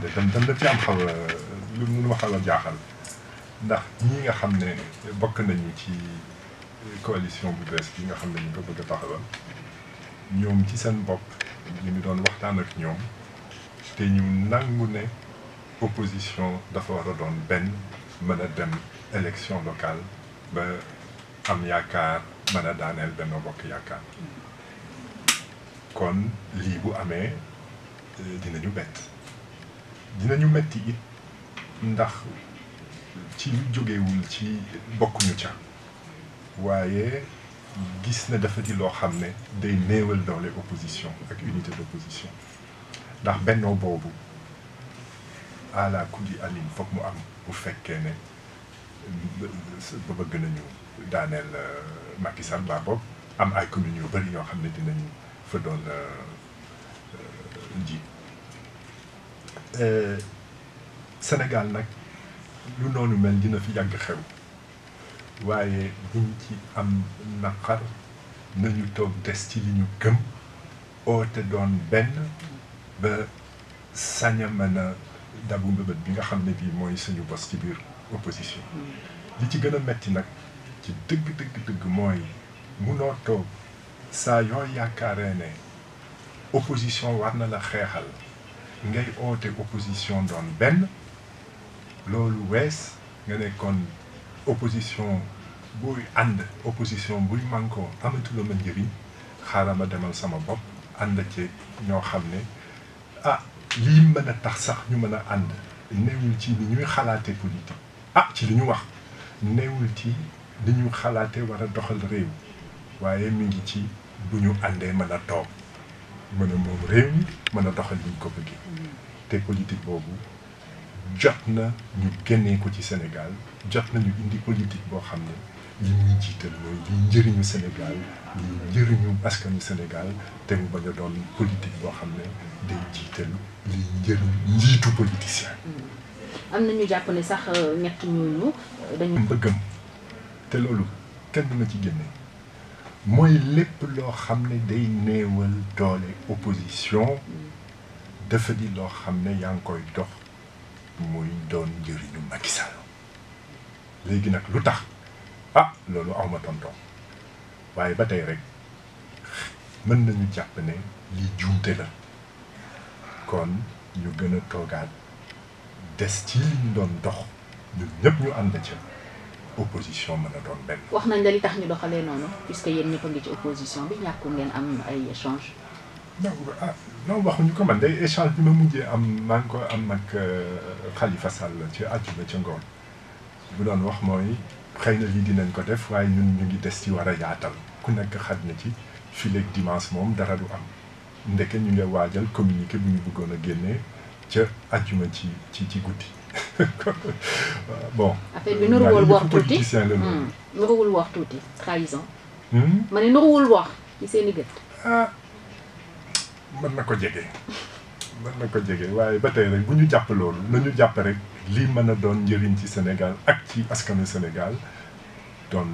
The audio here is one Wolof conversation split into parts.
wante tam tam daf ci am xaw a lu lu xaw a jaaxal ndax ñii nga xam ne bokk nañu ci coalition bu bees bi nga xam ne ñu ko bëgg a ñoom ci seen bopp ñu ngi doon waxtaan ak ñoom te ñu nangu ne opposition dafa war a doon benn mën a dem élection locale ba am yaakaar mën a daaneel benn bokk yaakaar kon lii bu amee dinañu bett. dinañu metti it ndax ci lu jógewul ci bokkuñu ca waaye gis na dafa di loo xam ne day néewal doole opposition ak unité d'opposition ndax bennoo boobu àla kulli alin foog mu am bu fekkee ne ba bëgg nañu daaneel euh, Macky Sall ba am ay communes yu bëri yoo xam ne dinañu fa doon euh, euh, njiit Euh, Sénégal nag lu noonu mel dina fi yàgg xew waaye buñ ci am naqar nañu toog des ci li ñu gëm oote doon benn ba sañ mën a dabu mbëbët bi nga xam ne bii mooy suñu bos ci biir opposition li ci gën a metti nag ci dëgg dëgg dëgg mooy munoo toog saa yoo yaakaaree ne opposition war na la xeexal ngay oote opposition doon benn loolu wees nga nekkoon kon opposition buy ànd opposition buy mànkoo amatula ma njëriñ xaaral ma demal sama bopp ànd ci ñoo xam ne a ah, lii mën a tax sax ñu mën a ànd newul ci ni ñuy xalaate politique ah ci li ñu wax newul ci li ñu xalaate war a doxal réew waaye mi ngi ci bu ñu àndee mën a toog mën a moom réew mi mën a doxal ñu ko bëggee te politique boobu jot na ñu génnee ko ci Sénégal jot na ñu indi politique boo xam ne li ñuy jiital li njëriñu Sénégal li njëriñu askanu Sénégal te mu bañ a doon politique boo xam ne di jiital li njëriñ njiitu politicien hmm. am na ñu jàpp ne sax euh, ñett ñooñu euh, dañu bëggam te loolu kenn na ci génne mooy lépp loo xam ne day néewal doole opposition dafa di loo xam ne yaa ngi koy dox muy doon njëriñu Macky léegi nag lu tax ah loolu awma tonton waaye ba tey rek mën nañu jàpp ne li juumte la kon ñu gën a toogaat des ci li doon dox ñun ñëpp ñu ànd ca opposition mën a doon benn. wax nañ la li tax ñu doxalee noonu puisque yéen ñëpp a ngi ci opposition bi ñàkku ngeen am ay échange non ah, waxuñu ko man day échange bi ma mujjee am maa ko am nag euh, Khalifa Sall ci àjjuma ca ngoon bu doon wax mooy xëy na lii dinañ ko def waaye ñun ñu ngi des ci war a yaatal ku nekk xaj na ci fileeg dimanche moom dara du am ndeke ñu ngi waajal communiqué bi ñu bëggoon a génnee ca àjjuma ci ci ci guddi. bon. affaire bi nuruwul wax tuuti hmm. nuruwul wax tuuti trahison. Hmm? ma ne nuruwul wax ci seen i gët. Ah. mën na ko jege man na ko jege waaye ba tey rek bu ñu jàpp loolu nañu jàpp rek lii mën a doon njëriñ ci Sénégal ak ci askanu Sénégal doon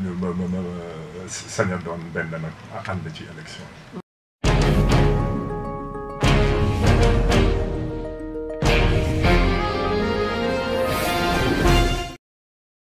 ma ma doon benn nag ànd ci élection